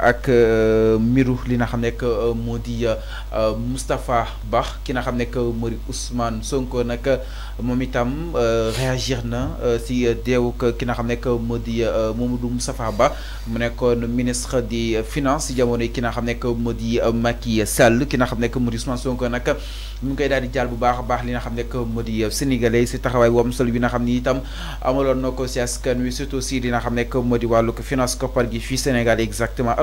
ak euh, mbiru li nga xam nekk moo di Moustapha euh, Ba ki nga xam nekk moo di Ousmane Sonko nag moom itam réagir na si deewuk ki nga xam nekk moo di Mamadou Moustapha Ba mu nekkoon ministre di finances jamono ki nga xam nekk moo di Macky Sall ki na xam nekk moo di Ousmane Sonko nag mu koy daal di jàll bu baax baax li nga xam nekk moo si taxawaay wam sol bi na xam ni itam amaloon noo ko si askan wi surtout si li nga xam nekk moo di wàllu finance koppar gi fii Sénégal exactement.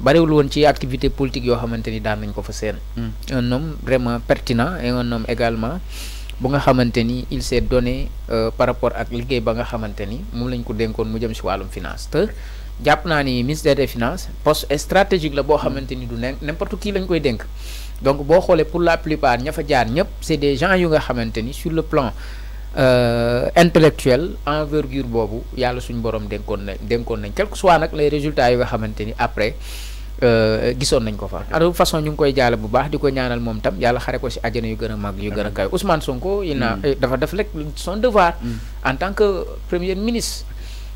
bariwul won ci activité politique yo xamante ni daan nañ ko fa seen. Hmm. un homme vraiment pertinent et un homme également bu nga xamante il s'est donné euh, par rapport ak liguey ba nga xamante ni lañ ko dénkoon mu jëm ci walum finance te jàpp ni ministère des finances poste stratégique la bo xamante du n'importe qui lañ koy dénk donc bo xolé pour la plupart ñafa jaar ñëpp c'est des gens yu nga xamante sur le plan. Euh, intellectuel envergure bobu yalla suñ borom denkon nañ dénkoon nañ quel que soit les résultats yi va maintenir après après euh, gisoon nañ ko fa de toute façon ñu koy jaale bu baax diko ñaanal mom tam yalla xare ko ci aljana yu gëna mag yu gëna kay Ousmane Sonko il na mm. dafa def son devoir mm. en tant que premier ministre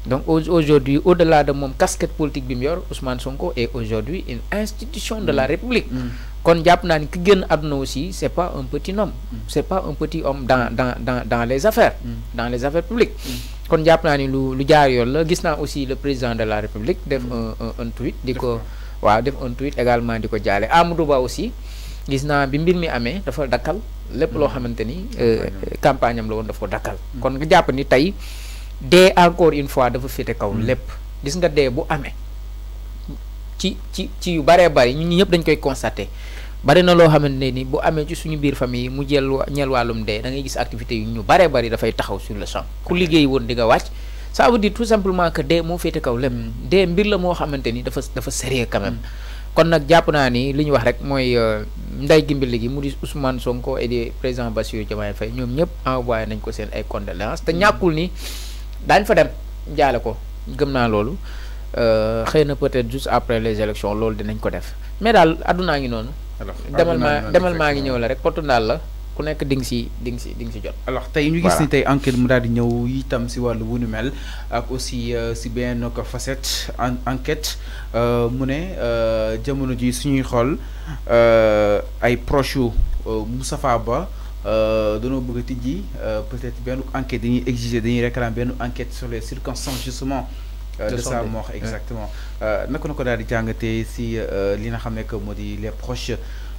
donc aujourd'hui au-delà de mon casquette politique bi mu yor Ousmane Sonko est aujourd'hui une institution de mm. la République kon jàpp naa ni ki génn àdduna aussi c'est pas un petit homme mm. c'est pas un petit homme dans mm. dans dans dans les affaires mm. dans les affaires publiques kon jàpp naa ni lu jaar la aussi le président de la république def un un tweet di ko def un tweet également di ko jaale Amadou Ba aussi gisna naa bi mbir mi amee dafa dakkal lépp loo euh, campagne am la woon dafa dakkal kon nga jàpp ni encore une fois dafa féete kaw lépp gis nga dee bu amee ci ci ci yu bari, bari ñun ñëpp dañ koy constater bari na loo xamante ni bu amee ci suñu biir famille mu jël ñel wàllum dee da ngay gis activité yu ñu bare bari dafay taxaw sur le champ ku liggéey woon di nga wàcc ça veut dire tout simplement que dee moo féete kaw lem dee mbir la moo xamante ni dafa dafa sérieux quand même mm. kon nag jàpp naa ni li ñu wax rek mooy euh, nday gimbil gi mu di Ousmane Sonko et di président Bassirou Diomaye Faye ñoom ñëpp envoyé nañ ko seen ay condoléances te mm. ñàkkul ni daañ fa dem jaale ko gëm naa loolu euh, xëy na peut-être juste après les élections loolu dinañ ko def mais daal àddunaa ngi noonu demal maa demal ngi ñëw la rek potu ndaal la ku nekk di nga si di si di si jot. alors tey ñu gis ni tey enquête mu daal di ñëw itam si wàllu wu mel ak aussi euh, si benn ko facette enquête euh, mu ne euh, jamono ji suñuy xool ay proche yu Moustapha Ba dañoo bëgg a tijji peut-être benn enquête dañuy exiger dañuy réclamer benn enquête sur les circonstances justement euh, de sa mort exactement euh, naka nako ko daal di jàngatee si euh, li nga xam que modi les proches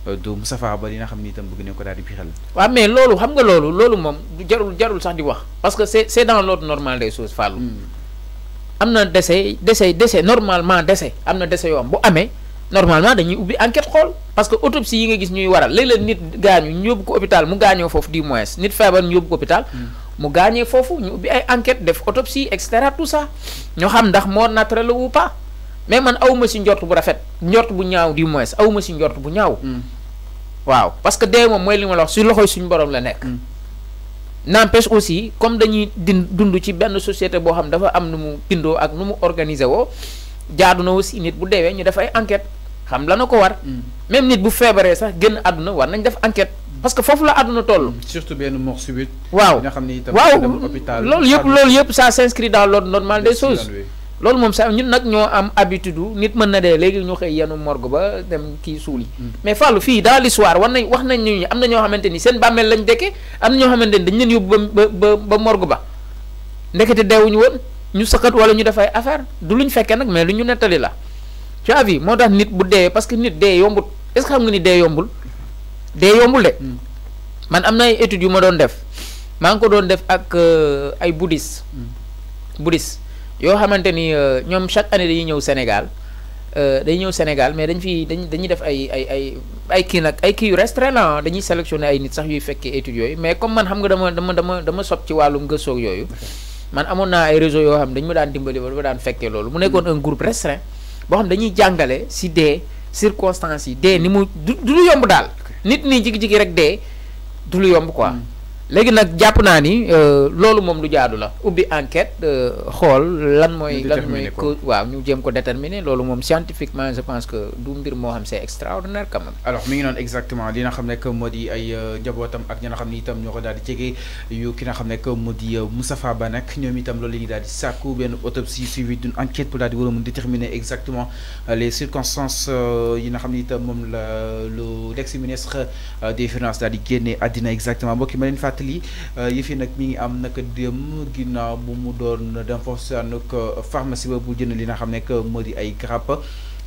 de Moustapha Ba li nga xam ni bëgg nañ ko daal di biiral wa mais lolu xam nga lolu loolu moom jarul jarul sax di wax parce que c'est c'est dans l'ordre normal des choses fallu hmm. amna na décès décès décès normalement décès amna na décès yoo bu amé normalement dañuy ubi enquête xol parce que autopsie yi nga gis ñuy waral lay léeg nit gañu ñu ko hôpital mu gaañoo fofu du moins nit feebar ñu ko hôpital hmm. mu gaañee foofu ñu ubbi ay enquête def autopsie et cetera tout ça ñu xam ndax mort naturelle ou pa mais man awuma si njort bu rafet njort bu ñaaw du moins awma si njort bu ñaaw hmm. waaw parce que dee moom mooy li ma la wax si loxoy suñu borom la nekk hmm. n'empêche aussi comme dañuy din dund ci benn société boo xam dafa am nu mu bindoo ak nu mu organiser woo jaadu na aussi nit bu deewee ñu def ay enquête xam la nako war hmm. même nit bu fébré sax genn aduna war nañ def enquête hmm. parce que fofu la aduna toll hmm. surtout ben mort subite waaw nga xamni ni dem hôpital lool yépp lool yépp ça s'inscrit dans l'ordre normal des choses lool mom sax ñun nak ñoo am habitude nit mën na dé légui ñu xey yanu morgue ba dem ki souli mais fallu fi dans l'histoire war nañ wax nañ ñu am na ñoo xamanteni ni seen bàmmeel lañ déké am na ñoo xamante dañ leen yóbbu ba ba ba morgue ba ndekete deewuñu won ñu sakkat wala ñu def ay affaire du luñu fekkee nak mais luñu netali la tu as moo tax nit bu dee parce que nit dee yombul est-ce xam nga ni dee yombul dee yombul de hmm. man am na ay études yu ma doon def maa ngi ko doon def ak euh, ay bouddhiste hmm. bouddhiste yoo xamante ni euh, ñoom chaque année dañuy ñëw Sénégal euh, dañuy ñëw Sénégal mais dañ fi dañ dañuy def ay ay ay ay kii nag ay kii yu restreint la dañuy sélectionné ay nit sax yuy fekkee études yooyu mais comme man xam nga dama dama dama sob ci wàllum gëstoo yooyu man amoon naa ay réseau yoo xam dañu ma fekkee loolu mu nekkoon un groupe boo xam dañuy jàngale si dee circonstances yi dee ni mu du du lu yomb daal nit ñi jigi-jigi rek dee du lu yomb quoi mm. léegi nak jàpp naa ni euh, loolu moom lu jaadu la ubbi enquête euh, xol lan moy lan moy waaw ñu jëm ko déterminer lolu mom scientifiquement je pense que du mbir mo xam c'est extraordinaire quand même alors mi ngi non exactement li nga xam nekk modi ay euh, njabootam ak ñi nga xam ne itam ñoko daal di jege yu ki nga xam nekk moo Moustapha Ba nak ñoom itam lolu li ñuy daal di sàkku ben autopsie suivi d'une enquête pour daal di war déterminer exactement les circonstances yi nga xam ne itam mom la l'ex ministre des finances daal di génne adina exactement bokki ma leen lii euh, yëf yi nag mi ngi am naka dem ginnaaw bu mu doon dem foofu si ànd ak ba bu jënd li nga xam ne moo di ay garab.